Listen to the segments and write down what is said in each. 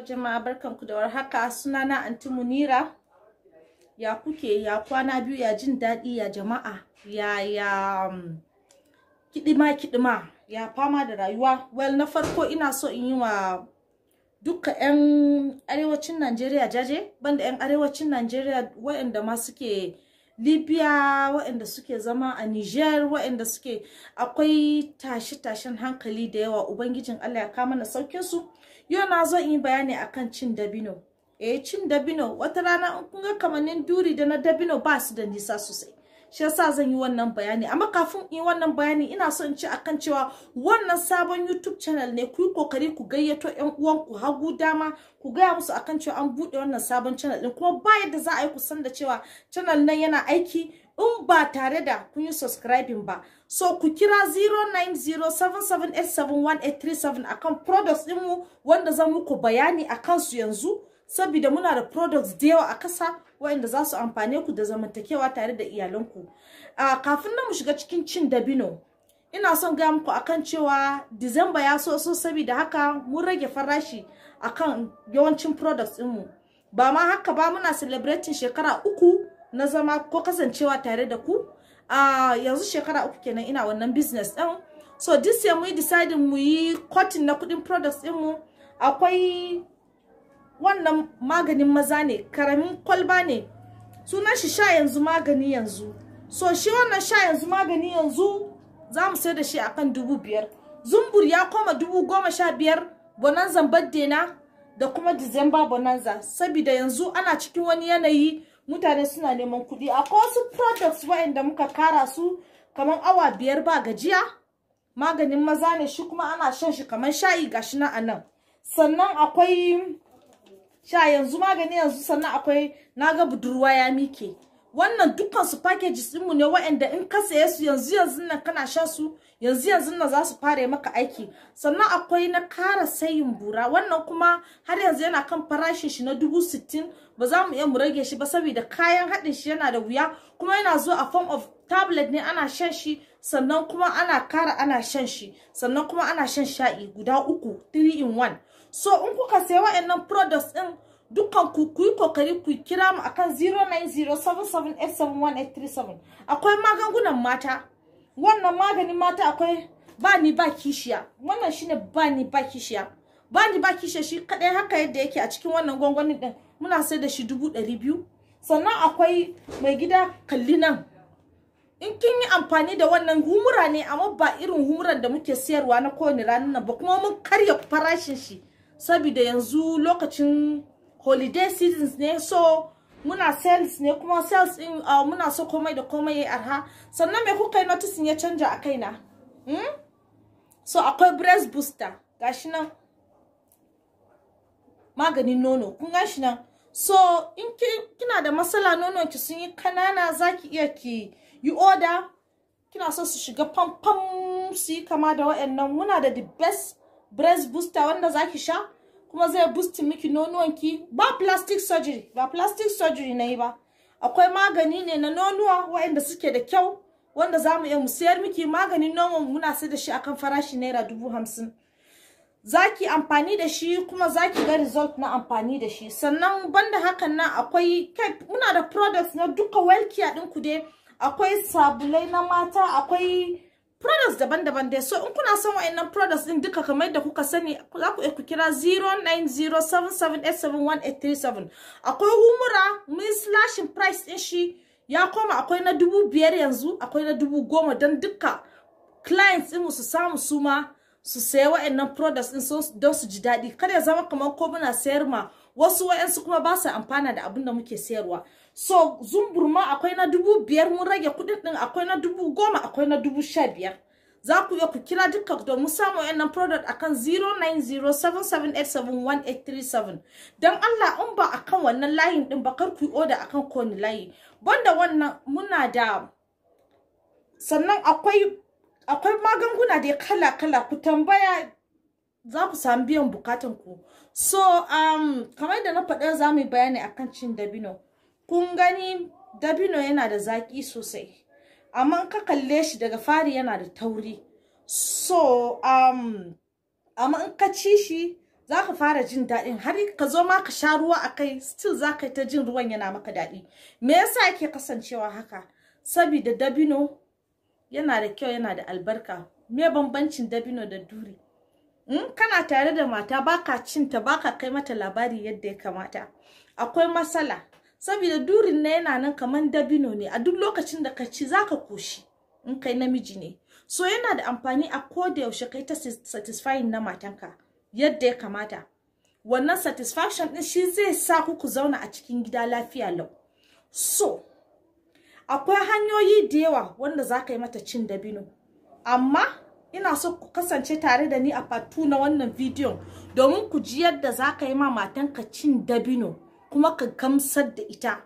jama'a barkanku da warhaka sunana anti munira ya kuke ya kwana biyu ya jin daɗi ya jama'a ya ya um, kidima kidima ya fama da rayuwa well na farko ina so in yi wa duka 'yan arewacin najeriya jaje banda 'yan arewacin najeriya waɗanda ma suke libya waɗanda suke zama a niger waɗanda suke akwai tashe-tashen hankali da yawa ubangijin allah ya kama na sauke su yau na zo in yi bayani akan cin dabino eh cin dabino wata rana in kun ga kamannin duri da na dabino ba su da nisa sosai shi yasa zan yi wannan bayani amma kafin in yi wannan bayani ina so in ci akan cewa wannan sabon YouTube channel ne ku yi kokari ku gayyato ƴan uwanku hagu dama ku gaya musu akan cewa an buɗe wannan sabon channel din kuma ba yadda za a yi ku san da cewa channel nan yana aiki in ba tare da kun yi subscribing ba so ku kira 09077871837 akan products mu wanda zan muku bayani akan su yanzu saboda muna da products da yawa a kasa waɗanda za su amfane ku da zamantakewa tare da iyalanku a kafin na mu shiga cikin cin dabino ina son gaya muku akan cewa disamba ya so so saboda haka mun rage farashi akan yawancin products ɗinmu ba ma haka ba muna celebrating shekara uku na zama ko kasancewa tare da ku a yanzu shekara uku kenan ina wannan business ɗin so this year mu yi deciding mu yi cutting na kuɗin products mu, akwai wannan maganin maza ne karamin kwalba ne sunan shi sha yanzu magani yanzu so shi wannan sha yanzu magani yanzu za mu sai da shi akan dubu biyar zumbur ya koma dubu goma sha biyar bonanza birthday da kuma disamba bonanza saboda yanzu ana cikin wani yanayi mutane suna neman kuɗi akwai wasu products waɗanda muka kara su kamar awa biyar ba gajiya maganin maza ne shi kuma ana shan shi kamar shayi gashi na anan sannan akwai sha yanzu magani yanzu sannan akwai naga budurwa ya mike wannan dukkan su packages din mu ne waɗanda in ka saye su yanzu yanzu nan kana sha su yanzu yanzu nan za su fara maka aiki sannan akwai na kara sayin bura wannan kuma har yanzu yana kan farashin shi na dubu sittin ba za mu iya mu rage shi ba saboda kayan haɗin shi yana da wuya kuma yana zuwa a form of tablet ne ana shan shi sannan kuma ana kara ana shan shi sannan kuma ana shan sha'i guda uku 3 in 1 so in kuka sayi wa'annan products din dukkan ku ku kokari ku kira mu akan 0907787137 akwai magungunan mata wannan maganin mata akwai ba ba kishiya wannan shine ba ni ba kishiya ba ba kishiya shi kadai haka yadda yake a cikin wannan gwangwanin din muna sai da shi dubu ɗari biyu sannan akwai mai gida kalli nan in kin yi amfani da wannan humura ne amma ba irin humuran da muke siyarwa na kowane ranar nan ba kuma mun karya farashin shi saboda yanzu lokacin holiday seasons ne so muna sales ne kuma sales din uh, muna so komai da komai ya arha sannan mai kuka yi notice ya canja a kaina hmm? so akwai breast booster gashi nan maganin nono kun gashi nan so in kina da matsala nono ki sun yi kanana zaki iya ki you order kina so su shiga pam su yi kama da wa'annan muna da the best breast booster wanda zaki sha kuma zai boost miki nonuwan ki ba plastic surgery ba plastic surgery na yi ba akwai magani ne na nonuwa waɗanda suke da kyau wanda za mu iya mu sayar miki maganin nonon muna sai da shi akan farashi naira dubu hamsin zaki ki amfani da shi kuma zaki ga result na amfani da shi sannan banda hakan nan akwai muna da products na duka welkiya ɗinku dai akwai sabulai na mata akwai products daban-daban dai so in kuna son wa'annan products din duka kamar yadda kuka sani za ku ku kira 09077871837 akwai humura mun slashin price din shi ya koma akwai na dubu biyar yanzu akwai na dubu goma don duka clients din su samu suma su sayi wa'annan products din don su ji daɗi kada ya zama kamar ko muna sayar ma wasu wa'ansu kuma ba su amfana da abin da muke sayarwa so zumburma akwai na dubu biyar mun rage kuɗin ɗin akwai na dubu goma akwai na dubu sha biyar za ku iya ku kira dukkan mu samu wa'annan product akan 09077871837 don Allah in ba akan wannan layin ɗin ba kar ku yi oda akan kowane layi banda wannan muna da sannan akwai akwai magunguna dai kala-kala ku tambaya za ku samu biyan bukatan ku so um, kamar da na faɗa za mu yi bayani akan cin dabino kun gani dabino yana da zaƙi sosai amma ka kalle shi daga fari yana da tauri so um, amma in ka ci shi za ka fara jin daɗin har ka zo ma ka sha ruwa a kai still za ka yi ta jin ruwan yana maka daɗi me yasa yake kasancewa haka sabida dabino yana da kyau yana da albarka me bambancin dabino da duri in kana tare da mata baka cinta baka kai mata labari yadda ya kamata akwai matsala saboda durin na yana nan kaman dabino ne a duk lokacin da ka ci zaka koshi in kai namiji ne so yana da amfani a koda yaushe kai ta satisfying na matanka yadda ya kamata wannan satisfaction din shi zai sa ku ku zauna a cikin gida lafiya lau so akwai hanyoyi da yawa wanda za ka yi mata cin dabino amma ina so ku kasance tare da ni a fatu na wannan bidiyon domin ku ji yadda za ka yi ma matanka cin dabino kuma ka gamsar da ita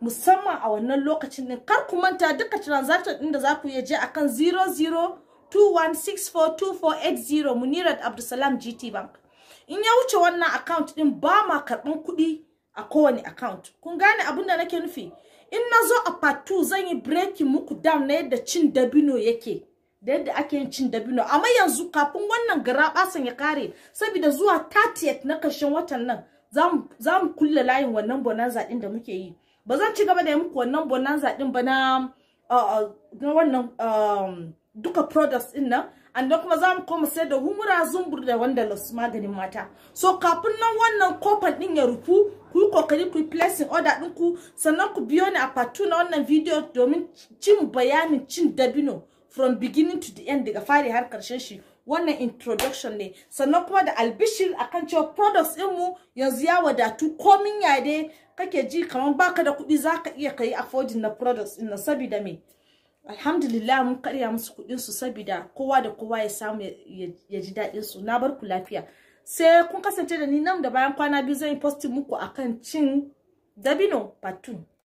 musamman a wannan lokacin din kar ku manta duka transaction din da za ku iya je akan 0021642480 Munirat Abdulsalam GT Bank in ya wuce wannan account din ba ma karɓan kuɗi a kowane account kun gane abin da nake nufi in na zo a part 2 zan yi breaking muku down na yadda cin dabino yake da yadda ake yin cin dabino amma yanzu kafin wannan san ya kare saboda zuwa 30th na karshen watan nan za mu kulle layin wannan bonanza din da muke yi ba zan ci gaba da yi muku wannan bonanza din ba na uh, uh, wannan um, duka products din nan and kuma za mu koma sai da humura zumbur da wanda lasu maganin mata so kafin nan wannan kofar din ya rufu ku yi kokari ku yi placing order din ku sannan ku biyo ni a part na wannan video domin cin bayanin cin dabino from beginning to the end daga fari har karshen shi wannan introduction ne sannan kuma da albishir akan cewa products din mu yanzu ya wadatu komin yade kake ji kamar baka da kuɗi zaka iya kai affording na products din nan sabida me alhamdulillah mun karya musu kuɗin su saboda kowa da kowa ya samu ya ji daɗin su na bar ku lafiya sai kun kasance da ni nan da bayan kwana biyu zan yi posting muku akan cin dabino part